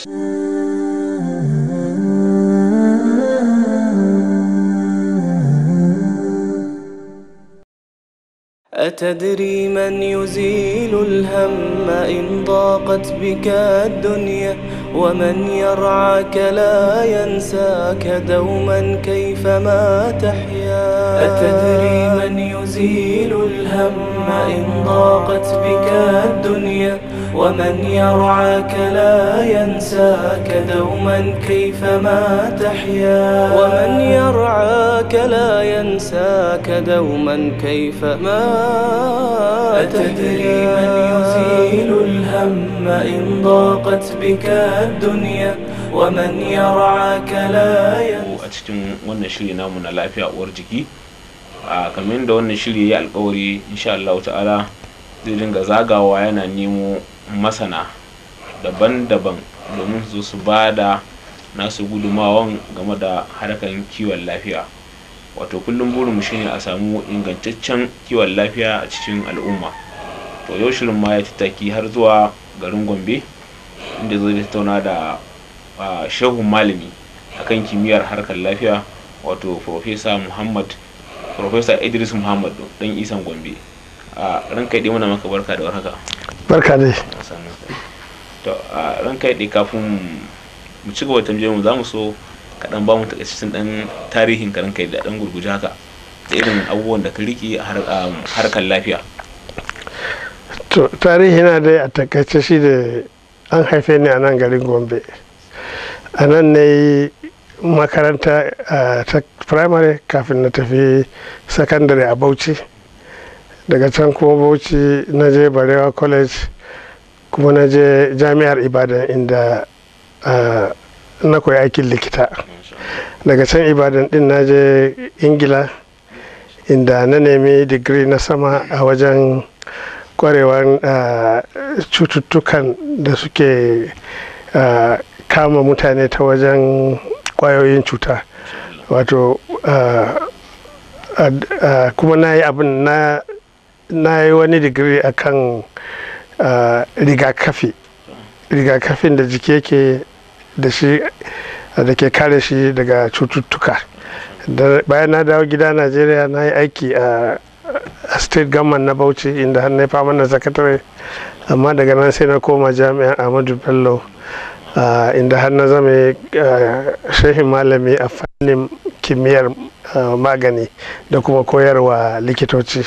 أتدري من يزيل الهم إن ضاقت بك الدنيا ومن يرعاك لا ينساك دوما كيفما تحيا أتدري من يزيل الهم إن ضاقت بك الدنيا ومن يرعاك لا ينساك دوما كيفما تحيا ومن يرعاك لا ينساك دوما كيفما أتدري من يزيل الهم إن ضاقت بك الدنيا ومن يرعاك لا ينساك أتشتم ونشلينا من العافية ورجكي kamar da wannan shiri ya alkawari insha Allah ta'ala zai dinga zagawa yana nemo masana daban-daban domin su su ba da nasu gudumawan game da harkar kiwon lafiya wato kullum burin mu shine a samu ingantaccen kiwon lafiya a cikin al'umma to yau shirin ma ya tattaki har zuwa garin gombe inda zai tattauna da shehun malami akan kimiyyar harkar lafiya wato profesa muhammad profesa idris muhammad dan isan gombe a ranka dai muna maka barka da warhaka barka dai to a ranka ya kafin mu ci gaba tambayar mu za mu so kaɗan ba mu takaicin ɗan tarihin ka ranka da ɗan gurguje haka da irin abubuwan da ka riƙe a harkar lafiya to tarihi na dai a takaice shi da an haife ni a nan garin gombe a nan ne makaranta ta primary kafin na tafi sakandare a bauchi daga can kuma bauchi na je barewa college kuma na je jami'ar ibadan inda na koyi aikin likita daga can ibadan din na je ingila inda na nemi digiri na sama a wajen kwarewan cututtukan da suke kama mutane ta wajen kwayoyin cuta wato kuma na yi abin na na yi wani digiri a kan rigakafi rigakafin da jike ke da shi da ke kare shi daga cututtuka bayan na dawo gida najeriya na yi aiki a state government na bauchi inda har na fama na sakatare amma daga nan sai na koma jami'an ahmadu bello inda har na zama shehin malami a fannin kimiyyar magani da kuma koyarwa likitoci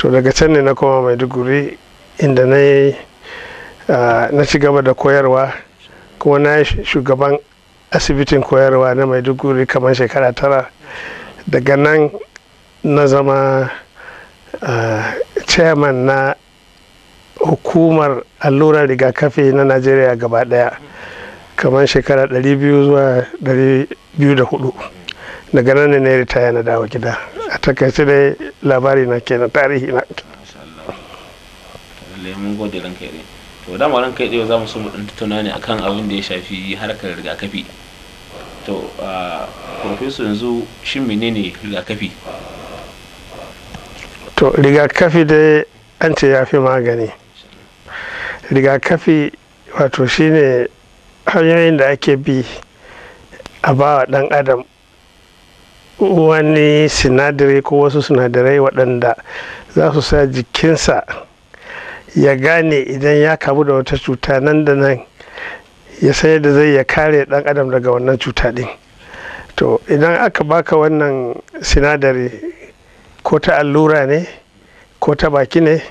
to daga can ne na koma maiduguri inda na yi na ci gaba da koyarwa kuma na yi shugaban asibitin koyarwa na maiduguri kamar shekara tara daga nan na zama chairman na hukumar allurar rigakafi na najeriya gaba daya kamar shekara 200 zuwa 204 daga nan ne na ritaya na dawo gida a takaice dai labari na ke na tarihi na lemun gode ran kai ne to dama ran kai ɗaya za mu so mu ɗan tunani akan abin da ya shafi harkar rigakafi to a professor yanzu shin menene rigakafi to rigakafi dai an ce ya fi magani rigakafi wato shine hanyoyin da ake bi a bawa wa ɗan adam wani sinadari ko wasu sinadarai waɗanda za su sa jikinsa ya gane idan ya kamu da wata cuta nan da nan ya sayar da zai ya kare ɗan adam daga wannan cuta ɗin to idan aka baka wannan sinadari ko ta allura ne ko ta baki ne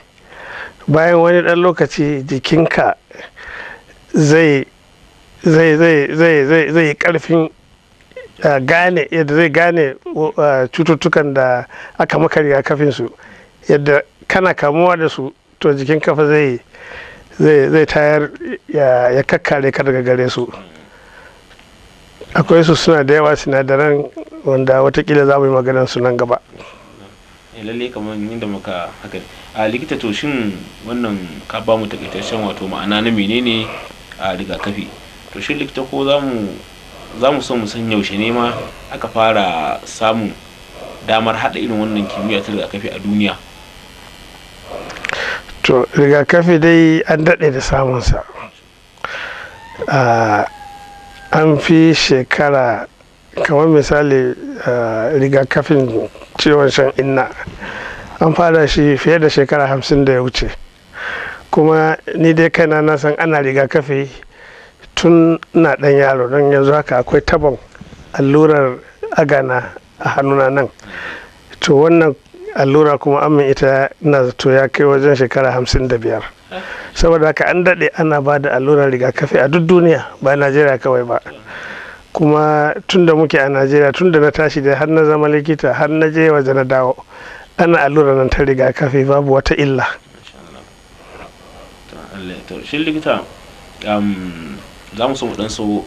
bayan wani ɗan lokaci jikinka zai zai zai zai zai zai ƙarfin Eh, gane yadda zai gane uh, cututtukan da aka maka kafin su yadda kana kamuwa da su to jikin kafa zai zai tayar ya kakkare ka daga gare su akwai su suna da yawa sinadaran wanda watakila za mu yi maganar su nan gaba eh, lalle kamar yadda muka haka a likita to shin wannan ka ba mu takaitaccen wato ma'ana na menene a rigakafi to shin likita ko za mu za mu so mu san yaushe ne ma aka fara samun damar haɗa irin wannan kimiyya ta rigakafi a duniya to rigakafi dai an daɗe da samunsa an fi shekara kamar misali rigakafin ciwon shan inna an fara shi fiye da shekara hamsin da ya wuce kuma ni dai kaina na san ana rigakafi tun na ɗan yaro don yanzu haka akwai tabon allurar agana a hannuna nan to wannan allura kuma amin ita na zato ya kai wajen shekara hamsin da biyar saboda haka an daɗe ana ba da allurar rigakafi a duk duniya ba najeriya kawai ba kuma tun da muke a najeriya tun da na tashi da har na zama likita har na je waje na dawo ana allura nan ta rigakafi babu wata illa za mu so mu dan so mu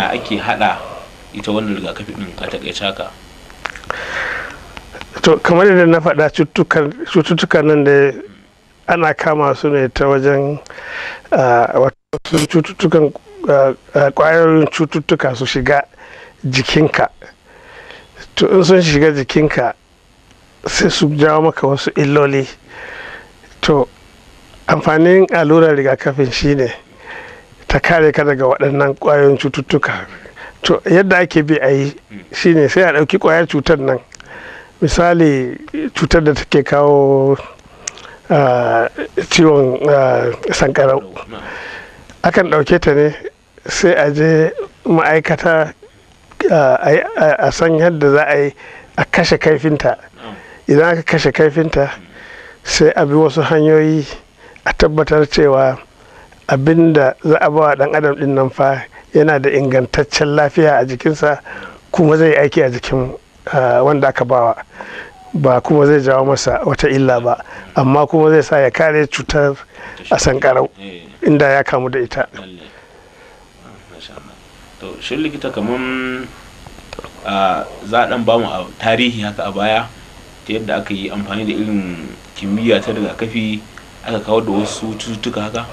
ake hada ita wannan rigakafi din a takaice haka to kamar yadda na faɗa cututtukan nan da ana kama su ne ta wajen cututtukan kwayoyin cututtuka su shiga jikinka to in sun shiga jikinka sai su jawo maka wasu illoli to amfanin allurar rigakafin shine ne ta kare ka daga waɗannan ƙwayoyin cututtuka to yadda ake bi a yi shine sai a ɗauki ƙwayar cutar nan misali cutar da take kawo ciwon sankarau akan ɗauke ta ne sai a je ma'aikata a san yadda za a yi a kashe kaifinta idan aka kashe kaifinta sai a bi wasu hanyoyi a tabbatar cewa abinda za a bawa dan adam din nan fa yana da ingantaccen lafiya a jikinsa kuma zai aiki a jikin wanda aka bawa ba kuma zai jawo masa wata illa ba amma kuma zai sa ya kare cutar a sankarau inda ya kamu da ita to shin likita kamar za a dan bamu tarihi haka a baya ta yadda aka yi amfani da irin kimiyya ta kafi aka kawo da wasu cututtuka haka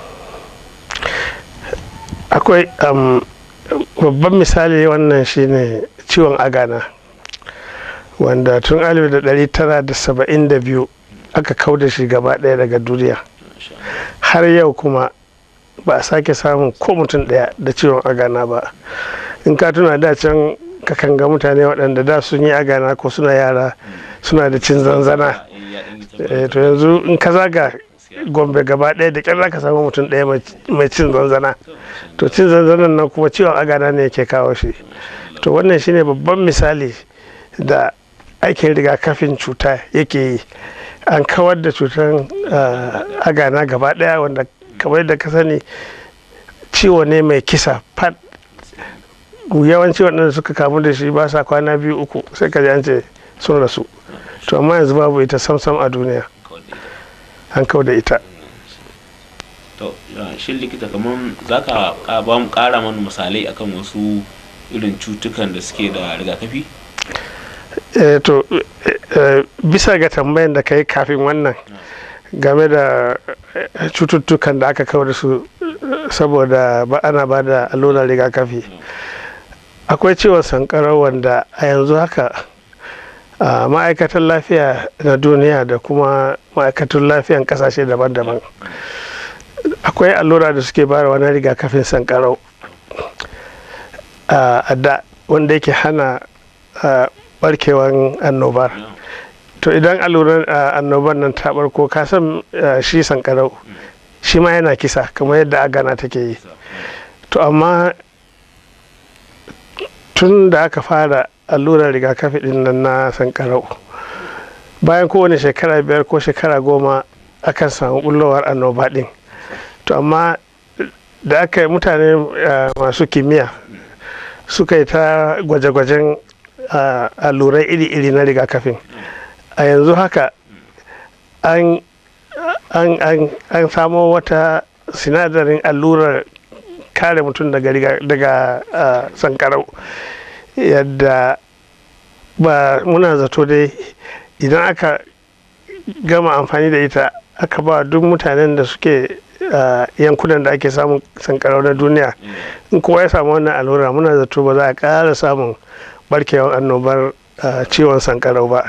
akwai babban misali wannan shine ciwon agana wanda tun da da da tara saba'in biyu aka kau da shi gaba ɗaya daga duniya har yau kuma ba a sake samun ko mutum ɗaya da ciwon agana ba in ka tuna da can ka kanga mutane waɗanda da sun yi agana ko suna yara suna da cin zanzana to yanzu in ka zaga gombe gaba ɗaya da ƙyar ka samu mutum ɗaya mai cin zanzana to cin zanzanan nan kuma ciwon agana ne yake kawo shi to wannan shine babban misali da aikin rigakafin cuta yake yi an kawar da cutar eh, agana gaba ɗaya wanda kamar da ka sani ciwo ne mai kisa fat yawanci waɗanda suka kamu da shi ba sa kwana biyu uku sai ka ji an ce sun rasu to amma yanzu babu ita samsam a duniya an kawo da ita to shi likita kamar za ka ba mu kara mana misalai akan wasu irin cutukan da suke da rigakafi eh, to eh, bisa ga tambayan da ka yi kafin wannan game da eh, cututtukan da aka kawar da su saboda ba ana ba da allurar rigakafi mm. akwai ciwon sankarar wanda a yanzu haka a ma'aikatan lafiya na duniya da kuma ma'aikatan lafiyan kasashe daban-daban akwai allura da suke bayar wani rigakafin sankarau a da wanda yake hana barkewan annobar to idan alluran annobar nan ta barko kasan shi sankarau shi ma yana kisa kamar yadda agana take yi to amma tun da aka fara allurar rigakafi din nan na sankarau bayan kowane shekara biyar ko shekara goma akan samu bullowar annoba din to amma da aka yi mutane eh, masu kimiyya suka yi ta gwaje-gwajen eh, allurai iri-iri na rigakafi a yanzu haka an samo wata sinadarin allurar kare mutum daga, eh, sankarau yadda ba muna zato dai idan aka gama amfani da ita aka ba duk mutanen da suke yankunan da ake samun sankarau na duniya in kowa ya samu wannan allura muna zato ba za a ƙara samun barkewar annobar ciwon sankarau ba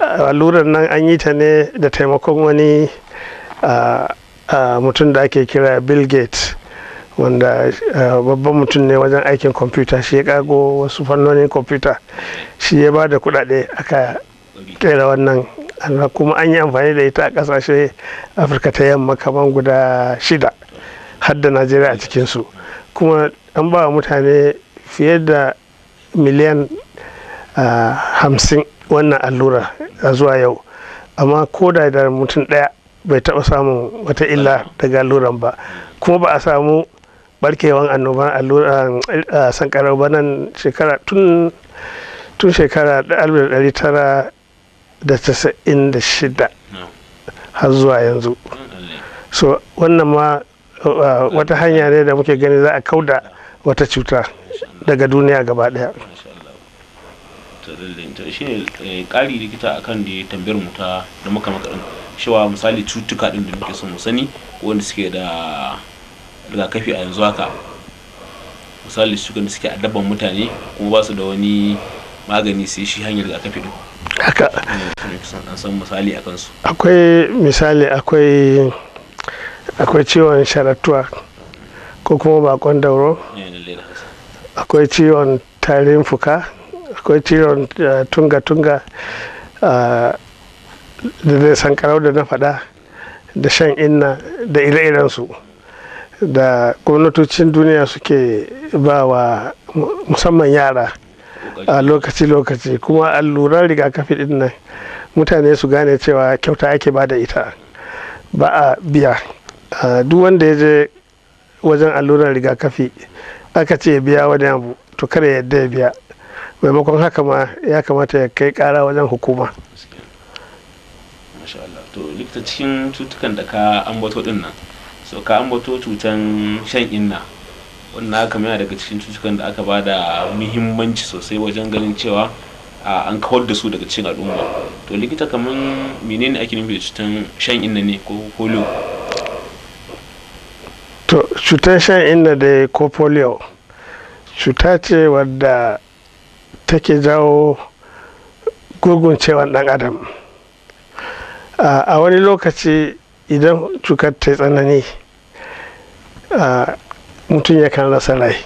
uh, nan an yi ta ne da taimakon wani mutum da ake kira bill gates wanda eh, babban mutum ne wajen aikin kwamfuta shi ya kago wasu fannonin kwamfuta shi ya ba da kudade aka kera wannan kuma an yi amfani da ita a kasashe afirka ta yamma kamar guda shida har da najeriya a cikinsu kuma an ba mutane fiye da miliyan eh, hamsin wannan allura a zuwa yau amma ko da mutum ɗaya bai taba samun wata illa daga alluran ba kuma ba a samu barkewan annoban alluran eh, eh, sankarau banan shekara tun shekara 1996 har zuwa yanzu so wannan ma eh, wata hanya ne da muke gani za a kauda wata cuta daga duniya gaba daya shine ƙari likita akan da tambayar mu ta da muka shawa misali cutuka din da muke son mu sani wanda suke da rigakafi a yanzu haka misali su da suke addaban mutane kuma ba su da wani magani sai shi hanyar rigakafi din haka an san misali a kansu akwai misali akwai akwai ciwon sharatuwa ko kuma bakon dauro eh, akwai ciwon tarin fuka akwai ciwon tunga-tunga eh, eh, da dai sankarau da na faɗa da shan inna da ire-irensu da gwamnatocin duniya suke ba wa musamman yara a lokaci-lokaci kuma alluran rigakafi din nan mutane su gane cewa kyauta ake ba da ita ba a biya duk wanda ya je wajen alluran rigakafi aka ce ya biya wani abu to kare ya yadda ya biya maimakon haka ma ya kamata ya kai kara wajen hukuma to likita cikin cutukan da ka ambato din nan so ka ambato cutan shan inna wannan haka yana daga cikin cutukan da aka ba da muhimmanci sosai wajen ganin cewa an kawar da su daga cikin al'umma to likita kamar menene ake nufi da cutan shan inna ne ko polio to cutan shan inna da ko polio cuta ce wadda take jawo gurgun cewa dan adam a wani lokaci idan cutar ta tsanani mutum yakan rasa rai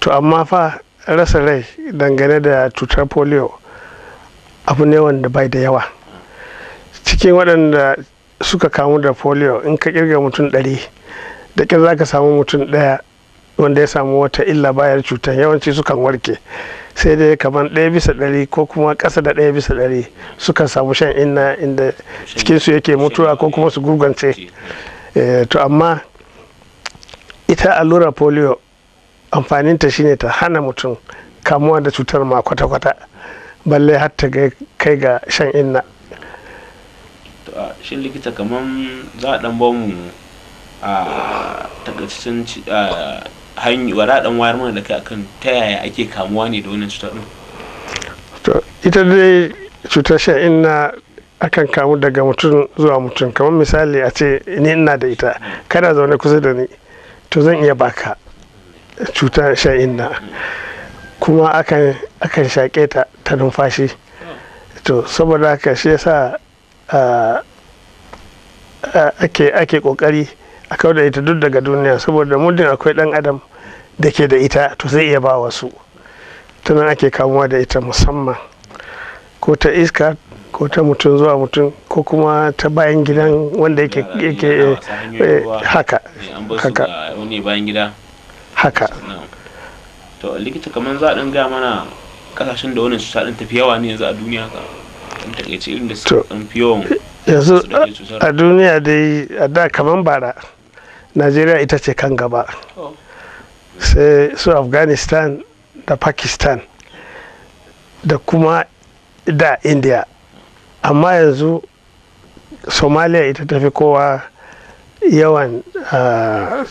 to amma fa rasa rai dangane da cutar polio abu ne wanda bai da yawa cikin waɗanda suka kamu da polio in ka kirga mutum ɗari da ƙyar za ka samu mutum ɗaya wanda ya samu wata illa bayar cutar yawanci sukan warke sai dai kamar ɗaya bisa ɗari ko kuma ƙasa da ɗaya bisa ɗari sukan samu shan inna inda cikinsu yake mutuwa ko kuma su gurgance eh, to amma ita allurar polio amfaninta shine ta hana mutum kamuwa da cutar ma kwata-kwata balle har ta kai ga shan inna shin likita kamar za a bamu a hanyi wara dan wayar mana da kai akan ta yaya ake kamuwa ne da wannan cutar din to ita dai cutar shan inna akan kamu daga mutum zuwa mutum kamar misali a ce ni ina da ita kana zaune kusa da ni to zan iya baka cutar shan inna kuma akan akan shaƙe ta ta numfashi to saboda haka shi yasa ah, ah, ake ake ƙoƙari. a kawar da ita duk daga duniya saboda muddin akwai dan adam da ke da ita to zai iya ba wasu tunan ake kamuwa da ita musamman ko ta iska ko ta mutum zuwa mutum ko kuma ta bayan gidan wanda yake yake eh, eh, haka eh, haka bayan gida haka to likita kamar za a dan ga mana kasashen da wannan cuta din tafi yawa ne yanzu a duniya ka in take ce irin da suka fi yawan yanzu a duniya dai a da kamar bara najeriya ita ce kan gaba sai su afghanistan da pakistan da kuma da india amma yanzu somalia ita tafi kowa yawan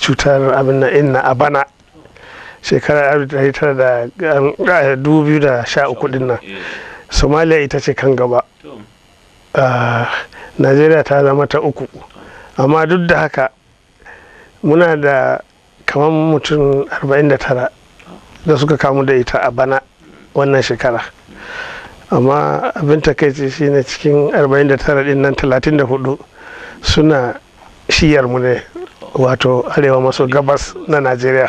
cutar abin inna a bana shekarar 2013 din nan somalia ita ce kan gaba najeriya ta zama ta uku amma duk da haka muna da kamar mutum 49 da suka kamu da ita a bana wannan shekara amma abin takaici shine cikin 49 din nan 34 suna shiyarmu ne wato arewa maso gabas na najeriya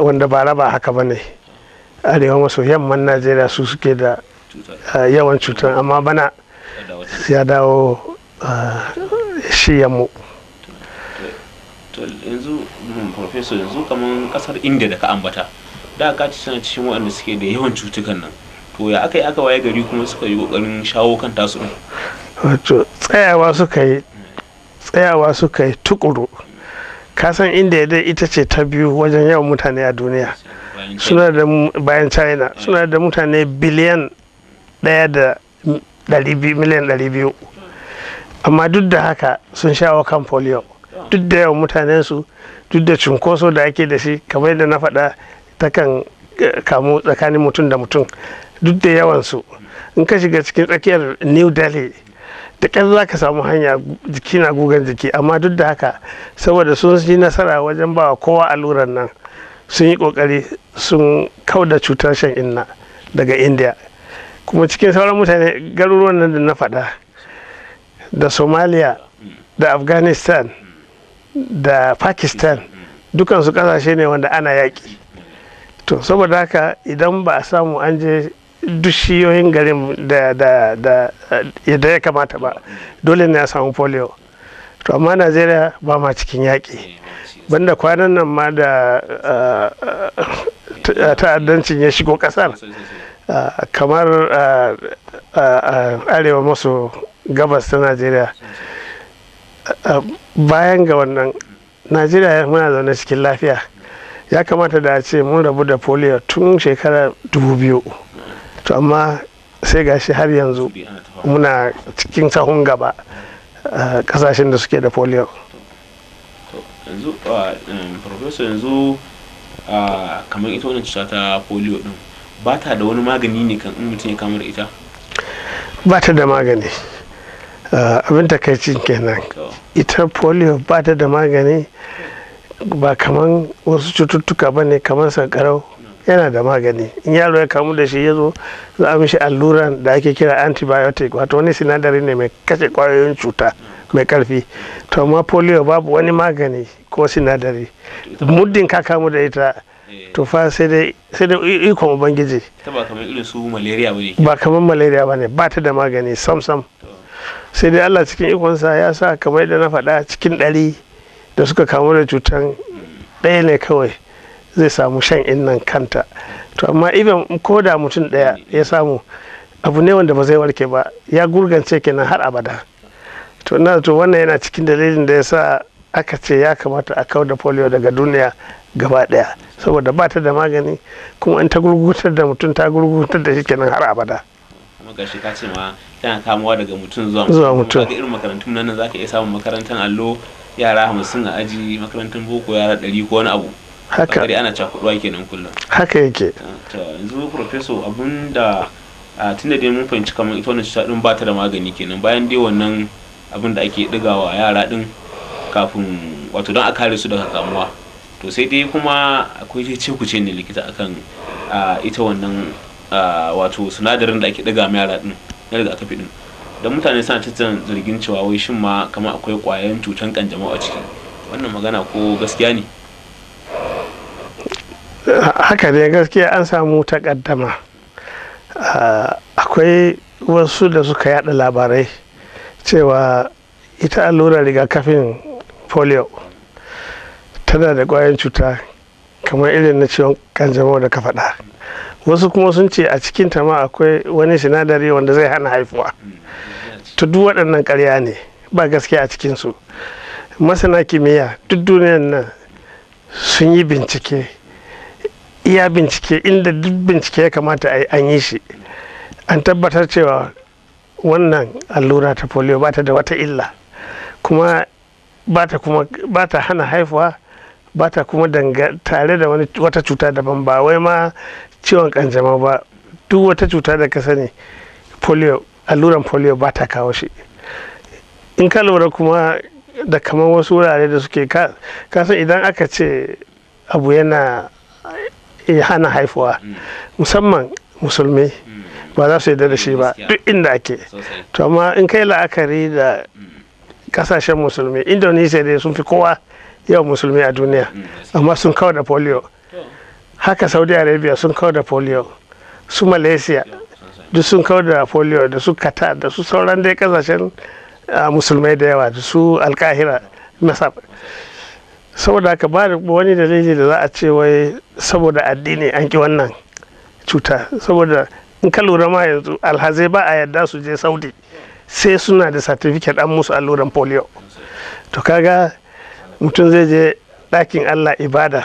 wanda bara ba haka ba ne arewa maso yamman najeriya su suke da ah, yawan cutar amma bana ya dawo ah, shiyarmu yanzu professor yanzu hmm, kamar kasar india da ka ambata da ka ci suna cikin waɗanda suke da yawan cutukan nan to ya aka yi aka waye gari kuma suka yi kokarin shawo kan tasu ne wato tsayawa suka yi tsayawa suka yi tukuru kasan india dai ita ce ta biyu wajen yawan mutane a duniya suna da bayan china suna da mutane biliyan daya da miliyan 200 amma duk da haka sun shawo kan polio duk da yawan mutanen su duk da cunkoso da ake da shi kamar da na faɗa takan eh, kamu tsakanin mutum da mutum duk da yawan su in ka shiga cikin tsakiyar new delhi da ƙyar za ka samu hanya jiki na gugan jiki amma duk da haka saboda sun yi nasara wajen ba kowa alluran nan sun yi ƙoƙari sun da cutar shan inna daga india kuma cikin sauran mutane garuruwan nan da na faɗa da somalia da afghanistan da pakistan dukansu kasashe ne wanda ana yaƙi to saboda haka idan ba a samu an je dushiyoyin garin da eh, ya kamata ba dole ne a samu polio to amma najeriya ba ma cikin yaƙi banda kwanan nan ma da eh, eh, ta'addancin ya shigo kasar kamar arewa maso gabas ta najeriya bayan ga wannan najeriya muna zaune cikin lafiya ya kamata da ce mun rabu da polio tun shekara dubu biyu to amma sai gashi har yanzu muna cikin sahun gaba kasashen da suke da polio yanzu professor yanzu kamar ita wannan cuta ta polio din ba ta da wani magani ne kan in mutum ya kamar ita ba ta da magani Eh, abin takaicin kenan ita polio ba ta da magani ba kaman wasu cututtuka ba ne kamar sankarau yana da magani in yaro ya kamu da shi ya zo za a mishi alluran da ake kira antibiotic wato wani sinadari ne mai kashe kwayoyin cuta mai karfi to amma polio babu wani magani ko sinadari muddin ka kamu da ita eh. to fa sai dai ikon ubangiji ba kamar malaria ba ne ba ta da magani sam sam sai dai allah cikin ikonsa ya sa kamar da na faɗa cikin ɗari da suka kamu da cutar ɗaya ne kawai zai samu shan innan kanta to amma even ko da mutum ɗaya ya samu abu ne wanda ba zai warke ba ya gurgance kenan har abada to na to wannan yana cikin dalilin da ya sa aka ce ya kamata a kawar da polio daga duniya gaba ɗaya saboda ba ta da magani kuma in ta gurgutar da mutum ta gurgutar da shi kenan har abada tana kamuwa daga mutum zuwa zuwa mutum ga irin makarantun nan zaka iya samun makarantar allo yara hamsin a aji makarantar boko yara ɗari ko wani abu haka dai ana cakuɗuwa kenan kullum haka yake ah, yanzu professor abun da da dai mun fahimci kamar ita wannan cuta ɗin ba ta da magani kenan bayan dai wannan abin da ake ɗigawa yara ɗin kafin wato don a kare su daga kamuwa to sai dai kuma akwai ce kuce ne likita akan ita wannan wato sinadarin da ake ɗiga yara ɗin. na rigakafi din don mutane suna tattalin zargin cewa wai shin ma kama akwai ƙwayoyin cutan kanjamau a ciki wannan magana ko gaskiya ne haka dai gaskiya an samu takaddama ah, akwai wasu da suka yada labarai cewa ita allurar rigakafin polio tana da kwayan cuta kamar irin na ciwon kanjamau da ka faɗa wasu kuma sun ce a cikin ta ma akwai wani sinadari wanda zai hana haifuwa to duk waɗannan ƙarya ne ba gaskiya a cikin su masana kimiyya duk duniyar nan sun yi bincike iya bincike inda duk bincike ya kamata an yi shi an tabbatar cewa wannan allura ta polio ba ta da wata illa kuma ba ta hana haifuwa ba ta kuma tare da wata cuta daban ba wai ma ciwon kanjamau ba duk wata cuta da ka sani polio alluran polio ba ta kawo shi in ka lura kuma da kamar wasu wurare da suke kasa idan aka ce abu yana eh, hana haifuwa mm. musamman musulmi mm. ba za su yi da shi ba duk inda ake to amma in kai la'akari da mm. kasashen musulmi indonesia dai sun fi kowa yawan musulmi a duniya amma sun kawo da polio haka saudi arabia sun kawo da polio su malaysia duk sun kawo da polio da su qatar da su sauran dai kasashen musulmai da yawa da su alkahira nasab saboda haka ba wani dalili da za a ce wai saboda addini an ki wannan cuta saboda in ka lura ma yanzu alhazai ba a yadda su je saudi sai suna da satifiket an musu alluran polio to kaga mutum zai je ɗakin allah ibada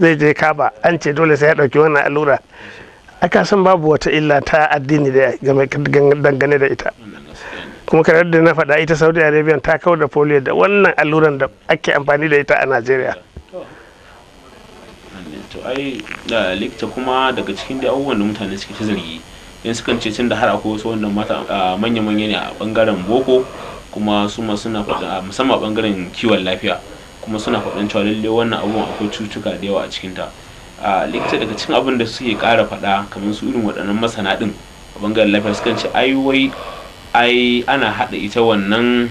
zai je kaba an ce dole sai ya dauki wannan allura aka san babu wata illa ta addini da dangane da ita kuma kamar da na fada ita saudi arabia ta kawar da polio da wannan alluran da ake amfani da ita a najeriya to ai da likita kuma daga cikin da abubuwan da mutane suke ta zargi yan sukan ce tun da har akwai wasu wannan manya-manya ne a bangaren boko kuma su ma na musamman a bangaren kiwon lafiya kuma suna faɗin cewa lalle wannan abun akwai cutuka da yawa a cikinta a likita daga cikin abin da suke ƙara faɗa kamar su irin waɗannan masana ɗin a bangaren lafiya sukan ce ai wai ai ana haɗa ita wannan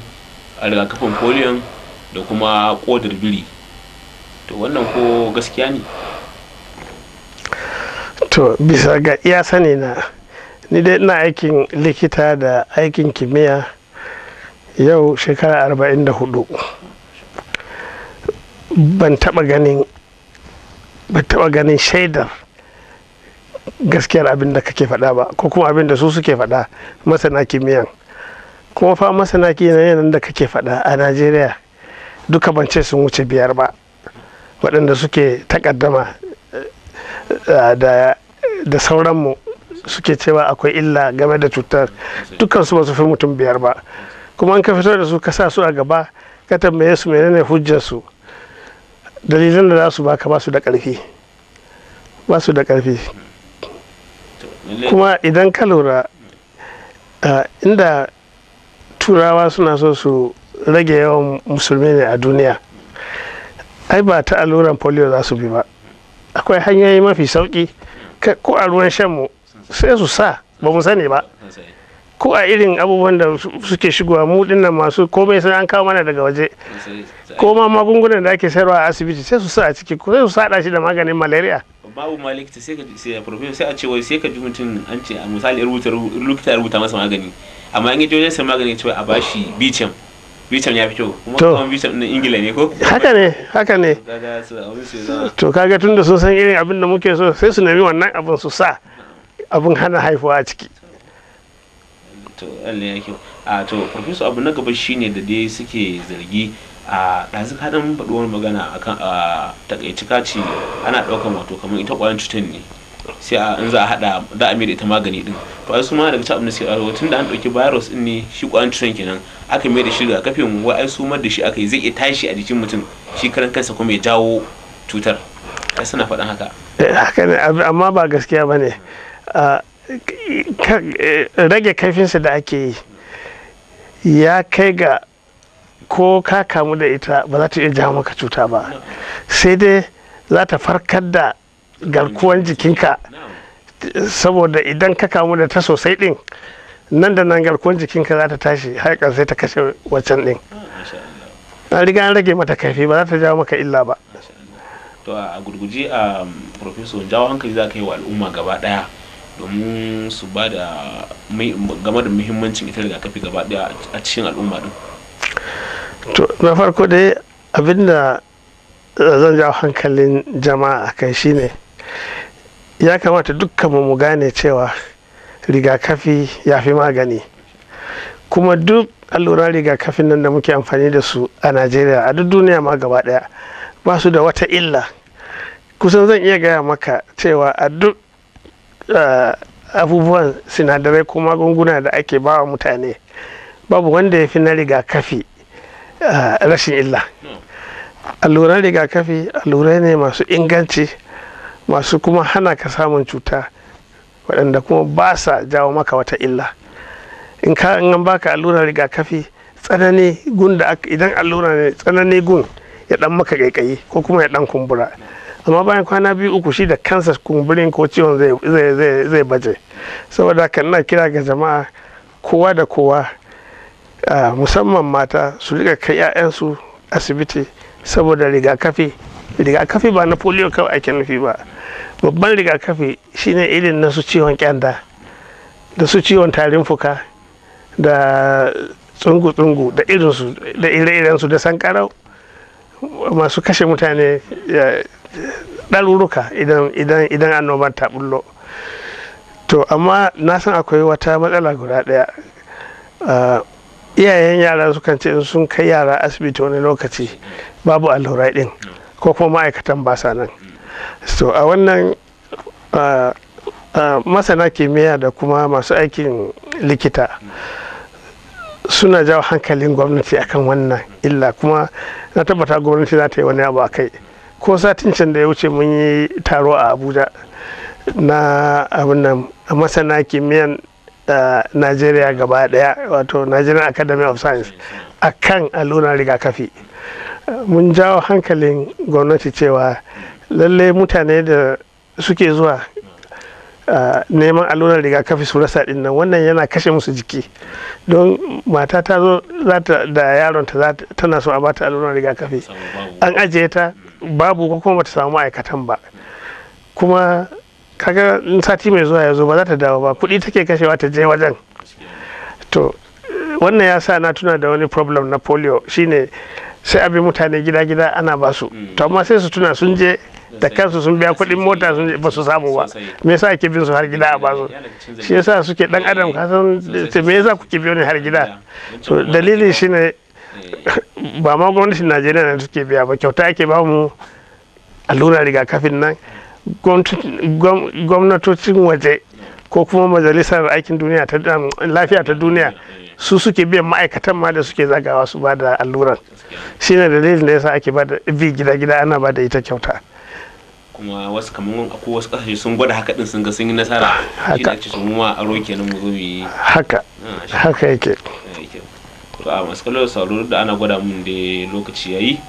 rigakafin polio da kuma ƙodar biri to wannan ko gaskiya ne to bisa ga iya sani na ni dai ina aikin likita da aikin kimiyya yau shekara 44 ban taba ganin shaidar gaskiyar abin da kake faɗa ba ko kuma abin da su suke faɗa masana kimiyyan kuma fa masana kimiyyan da kake faɗa a najeriya duka ban ce sun wuce biyar ba waɗanda suke takaddama eh, eh, da sauranmu suke cewa akwai illa game da cutar dukansu ba su fi mutum biyar ba kuma an ka fito da su ka sa su a gaba ka tambaye su menene hujjarsu dalilan da za su baka ba su da ƙarfi ba su da ƙarfi kuma idan ka lura inda turawa suna so su rage yawan musulmi ne a duniya ai ba ta alluran polio za su bi ba akwai hanyoyi mafi sauƙi ko a ruwan shanmu sai su sa ba mu sani ba ko a irin abubuwan da suke shigowa mu dinnan masu komai sai an kawo mana daga waje ko ma magungunan da ake sayarwa a asibiti sai su sa a ciki ko sai su sada shi da maganin malaria babu malikta sai ka sai professor sai a ce wai sai ka ji mutum an ce a misali rubuta rubuta rubuta masa magani amma an yi wajen sai magani ce a bashi bicam bicam ya fi kyau kuma kuma bicam din ingila ne ko haka ne haka ne to kaga tunda sun san irin abin da muke so sai su nemi wannan abin su sa abin hana haifuwa a ciki to Allah ya professor abu na gaba shine da dai suke zargi a ɗazu ka dan faɗi wani magana akan a takaici kaci ana ɗaukar wato kamar ita ƙwayar cutar ne sai a in za a haɗa da a ita magani din to ai su ma daga abin da suke tun da an ɗauki virus ɗin ne shi ƙwayar cutar kenan aka mai da shi daga kafin wai ai su da shi aka yi zai iya tashi a jikin mutum shi karan kansa kuma ya jawo cutar ai suna faɗin haka eh, amma ba gaskiya ba ne Eh, rage kaifinsa da ake yi ya kai ga ko ka kamu da ita ba za ta iya jawo maka cuta ba sai dai za ta farkar da garkuwan jikinka saboda idan ka kamu da ta sosai din nan da nan garkuwan jikinka za ta tashi haƙar sai ta kashe waccan din an riga an rage mata kaifi ba za ta jawo maka illa ba to a gurguji a um, professor jawo hankali za ka yi wa al'umma gaba daya domin su ba da game da muhimmancin ita rigakafi gaba daya a cikin al'umma din to na farko dai abinda eh, zan jawo hankalin jama'a a kai shine ya kamata dukkan mu gane cewa rigakafi ya fi magani kuma duk alluran rigakafin nan da muke amfani da su a najeriya a duk duniya ma gaba daya ba su da wata illa kusan zan iya gaya maka cewa a duk Eh, abubuwan sinadarai ko magunguna da ake ba wa mutane babu wanda ya fi na rigakafi eh, rashin illa alluran rigakafi allurai ne masu inganci masu kuma hana ka samun cuta waɗanda kuma ba sa jawo maka wata illa in ka an baka allurar rigakafi tsanani gun da idan allura ne tsanani gun ya dan maka kaikayi ko kuma ya dan kumbura amma bayan kwana biyu uku shi da kansa kumburin ko ciwon zai baje saboda kan na kira ga jama'a kowa da kowa musamman mata su rika kai 'ya'yansu asibiti saboda rigakafi rigakafi ba na polio kawai ake nufi ba babban rigakafi shine irin nasu su ciwon kyanda da su ciwon tarin fuka da tsungu-tsungu da irinsu da ire-irensu da sankarau masu kashe mutane ɗaruruka idan annoban ta bullo to amma na san akwai wata matsala guda ɗaya ah, iyayen yara sukan ce in sun kai yara asibiti wani lokaci babu allurai ɗin ko kuma ma'aikatan basa nan so a wannan ah, ah, masana kimiyya da kuma masu aikin likita suna jawo hankalin gwamnati akan wannan illa kuma na tabbata gwamnati za ta yi wani abu a kai ko satin can da ya wuce mun yi taro a abuja na abin a masana kimiyyan eh, najeriya gaba daya wato nigerian academy of science a kan alluran rigakafi mun jawo hankalin gwamnati cewa lallai mutane da suke zuwa eh, neman alluran rigakafi su rasa din nan wannan yana kashe musu jiki don mata ta zo da yaronta tana so a bata alluran rigakafi an ajiye ta babu ko kuma bata samu ma'aikatan ba kuma kaga in sati mai zuwa ya zo ba za ta dawo ba kuɗi take kashewa ta je wajen to wannan ya sa na tuna da wani problem na polio shine sai abin mutane gida-gida ana ba su mm. to amma sai su tuna sun je da kansu sun biya kuɗin mota sun ba su samu ba me yasa ake bin su har gida a ba su? shi yasa suke dan adam kasan me yasa kuke biyo ni har gida to dalili shine ba ma gwamnatin najeriya ne suke biya ba kyauta yake ba mu riga rigakafin nan gwamnatocin waje ko kuma majalisar aikin duniya ta um, lafiya ta duniya su suke biyan ma'aikatan ma da suke zagawa su ba da alluran shine dalilin da yasa ake ba da bi gida gida ana ba da ita kyauta kuma wasu kamar ko wasu kasashe sun gwada haka din sun ga sun yi nasara haka ah, haka yake to a masu sauraro da ana gwada mun da lokaci yayi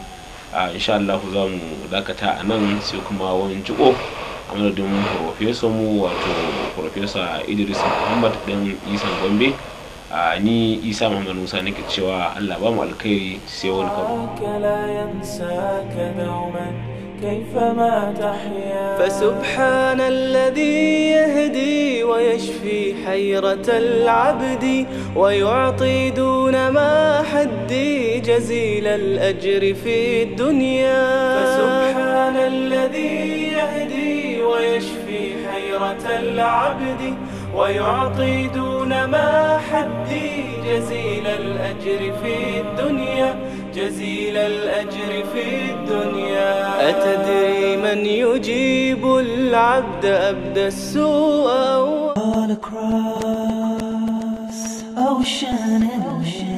a insha Allah za mu dakata a nan sai kuma wani jiko a madadin professor mu wato professor Idris Muhammad ɗan Isa Gombe a ni Isa Muhammad Musa nake cewa Allah ba mu alkhairi sai wani karo كيفما تحيا فسبحان الذي يهدي ويشفي حيرة العبد ويعطي دون ما حدي جزيل الأجر في الدنيا فسبحان الذي يهدي ويشفي حيرة العبد ويعطي دون ما حدي جزيل الأجر في الدنيا جزيل الأجر في الدنيا أتدري من يجيب العبد أبدى السوء On ocean and ocean